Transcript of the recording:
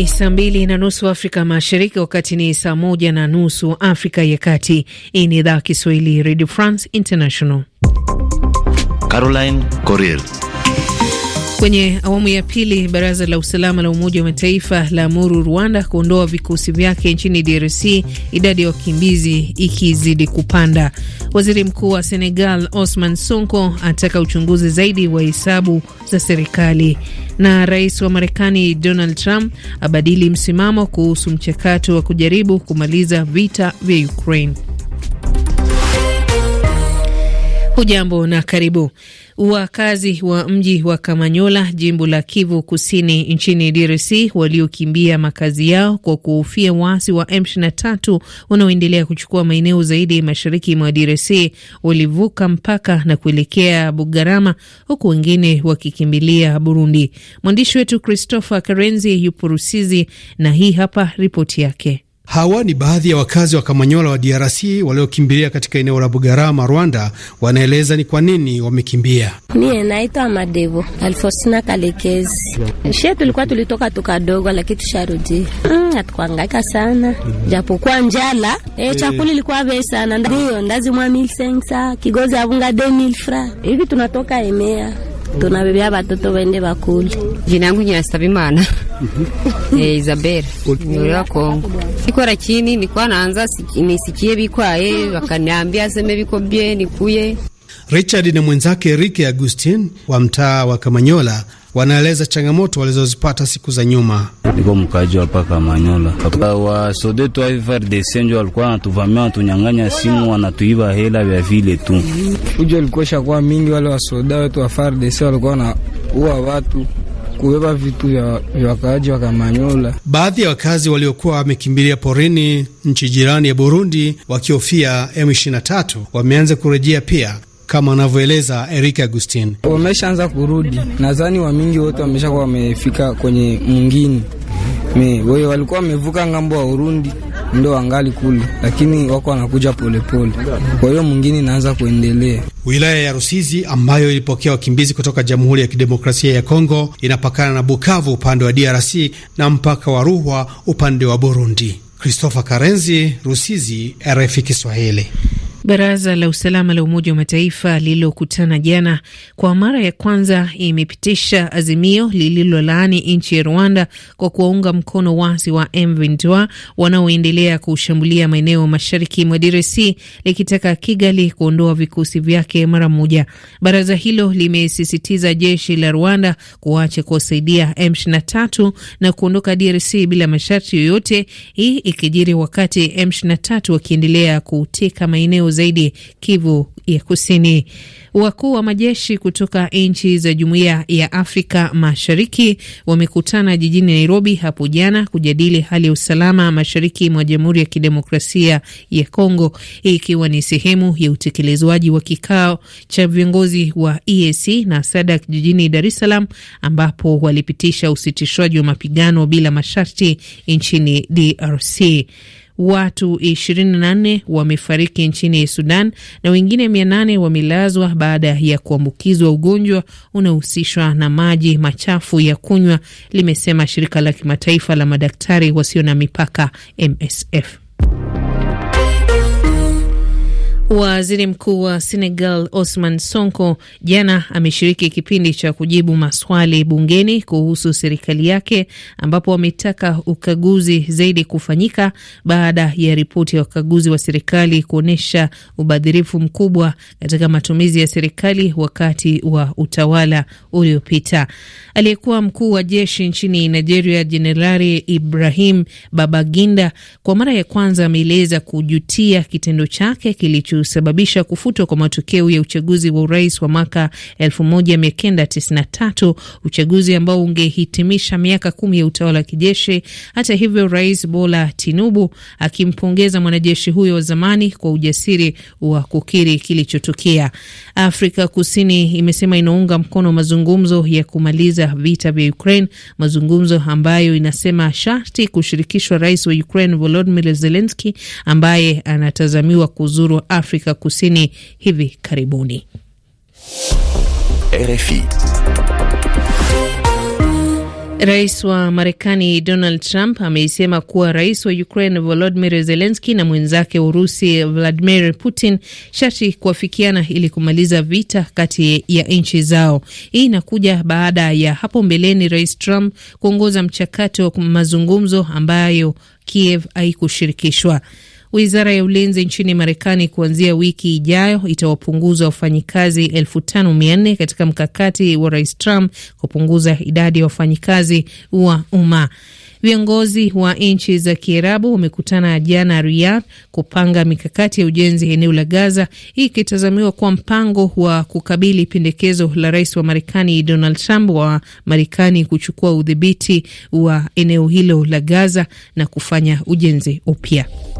Ni saa mbili na nusu Afrika Mashariki, wakati ni saa moja na nusu Afrika ya Kati. Hii ni idhaa Kiswahili, Radio France International. Caroline Coril Kwenye awamu ya pili, baraza la usalama la Umoja wa Mataifa la amuru Rwanda kuondoa vikosi vyake nchini DRC, idadi ya wakimbizi ikizidi kupanda. Waziri Mkuu wa Senegal Osman Sonko ataka uchunguzi zaidi wa hesabu za serikali, na rais wa Marekani Donald Trump abadili msimamo kuhusu mchakato wa kujaribu kumaliza vita vya Ukraine. Hujambo na karibu. Wakazi wa mji wa Kamanyola, jimbo la Kivu Kusini nchini DRC, waliokimbia makazi yao kwa kuhofia waasi wa M23 wanaoendelea kuchukua maeneo zaidi mashariki mwa DRC walivuka mpaka na kuelekea Bugarama, huku wengine wakikimbilia Burundi. Mwandishi wetu Christopher Karenzi yupo Rusizi na hii hapa ripoti yake. Hawa ni baadhi ya wakazi wa Kamanyola wa DRC waliokimbilia katika eneo la Bugarama, Rwanda. Wanaeleza ni kwa nini wamekimbia. Mie naitwa Madevo Alfosina Kalekezi. She tulikuwa tulitoka tukadogo, lakini tusharudi. hatukuangaika Mm, hatukuangaika sana mm. japokuwa njala e, chakula ilikuwa bei sana, ndio ndazimwa milsensa kigozi avunga de demilfra hivi tunatoka emea tunabebya batoto bende bakule yangu ni imana mhm. eh Isabelle nyorera Kongo ikora chini kwa naanza nisikie eh, wakaniambia seme biko bye nikuye Richard na mwenzake Rike Agustin wa mtaa wa Kamanyola wanaeleza changamoto walizozipata siku za nyuma. Niko mkaji hapa Kamanyola, wasodetu wa FARDC njo walikuwa wanatuvamia, wanatunyang'anya simu, wanatuiba hela vya vile tu. Ujo ilikuwa shakuwa mingi, wale wasoda wetu wa FARDC walikuwa na uwa watu kubeba vitu vya wakaaji wa Kamanyola. Baadhi ya wakazi waliokuwa wamekimbilia porini nchi jirani ya Burundi wakihofia M23 wameanza kurejea pia kama anavyoeleza Eric Agustin. Wameshaanza kurudi, nadhani wamingi wote wameshakuwa wamefika kwenye mwingine weye walikuwa wamevuka ngambo wa Urundi ndo wangali kule, lakini wako wanakuja polepole. Kwa hiyo mwingine inaanza kuendelea. Wilaya ya Rusizi ambayo ilipokea wakimbizi kutoka Jamhuri ya Kidemokrasia ya Kongo inapakana na Bukavu upande wa DRC na mpaka wa Ruhwa upande wa Burundi. Christopher Karenzi, Rusizi, RFI Kiswahili. Baraza la usalama la Umoja wa Mataifa lililokutana jana kwa mara ya kwanza imepitisha azimio lililolaani nchi ya Rwanda kwa kuwaunga mkono wasi wa M23 wanaoendelea kushambulia maeneo mashariki mwa DRC likitaka Kigali kuondoa vikosi vyake mara moja. Baraza hilo limesisitiza jeshi la Rwanda kuacha kuwasaidia M23 na kuondoka DRC bila masharti yoyote, hii ikijiri wakati M23 wakiendelea kuteka maeneo zaidi Kivu ya Kusini. Wakuu wa majeshi kutoka nchi za Jumuiya ya Afrika Mashariki wamekutana jijini Nairobi hapo jana kujadili hali ya usalama mashariki mwa Jamhuri ya Kidemokrasia ya Kongo, hii ikiwa ni sehemu ya utekelezwaji wa kikao cha viongozi wa EAC na SADC jijini Dar es Salaam, ambapo walipitisha usitishwaji wa mapigano bila masharti nchini DRC watu 24 wamefariki nchini Sudan na wengine 800 wamelazwa baada ya kuambukizwa ugonjwa unaohusishwa na maji machafu ya kunywa, limesema shirika la kimataifa la madaktari wasio na mipaka MSF. Waziri Mkuu wa Senegal Osman Sonko jana ameshiriki kipindi cha kujibu maswali bungeni kuhusu serikali yake, ambapo ametaka ukaguzi zaidi kufanyika baada ya ripoti ya wakaguzi wa serikali kuonyesha ubadhirifu mkubwa katika matumizi ya serikali wakati wa utawala uliopita. Aliyekuwa mkuu wa jeshi nchini Nigeria Jenerali Ibrahim Babaginda kwa mara ya kwanza ameeleza kujutia kitendo chake kilicho kilichosababisha kufutwa kwa matokeo ya uchaguzi wa urais wa mwaka 1993, uchaguzi ambao ungehitimisha miaka kumi ya utawala wa kijeshi. Hata hivyo, Rais Bola Tinubu akimpongeza mwanajeshi huyo wa zamani kwa ujasiri wa kukiri kilichotokea. Afrika Kusini imesema inaunga mkono mazungumzo ya kumaliza vita vya Ukraine, mazungumzo ambayo inasema sharti kushirikishwa rais wa Ukraine Volodymyr Zelensky ambaye anatazamiwa kuzuru Afrika Afrika Kusini hivi karibuni. RFI. Rais wa Marekani Donald Trump ameisema kuwa rais wa Ukraine volodimir zelenski na mwenzake Urusi Vladimir Putin sharti kuafikiana ili kumaliza vita kati ya nchi zao. Hii inakuja baada ya hapo mbeleni Rais Trump kuongoza mchakato wa mazungumzo ambayo Kiev haikushirikishwa. Wizara ya ulinzi nchini Marekani kuanzia wiki ijayo itawapunguza wafanyikazi elfu tano mia nne katika mkakati wa Rais Trump kupunguza idadi ya wafanyikazi wa umma. Viongozi wa nchi za Kiarabu wamekutana jana Riyadh kupanga mikakati ya ujenzi eneo la Gaza, hii ikitazamiwa kuwa mpango wa kukabili pendekezo la rais wa Marekani Donald Trump wa Marekani kuchukua udhibiti wa eneo hilo la Gaza na kufanya ujenzi upya.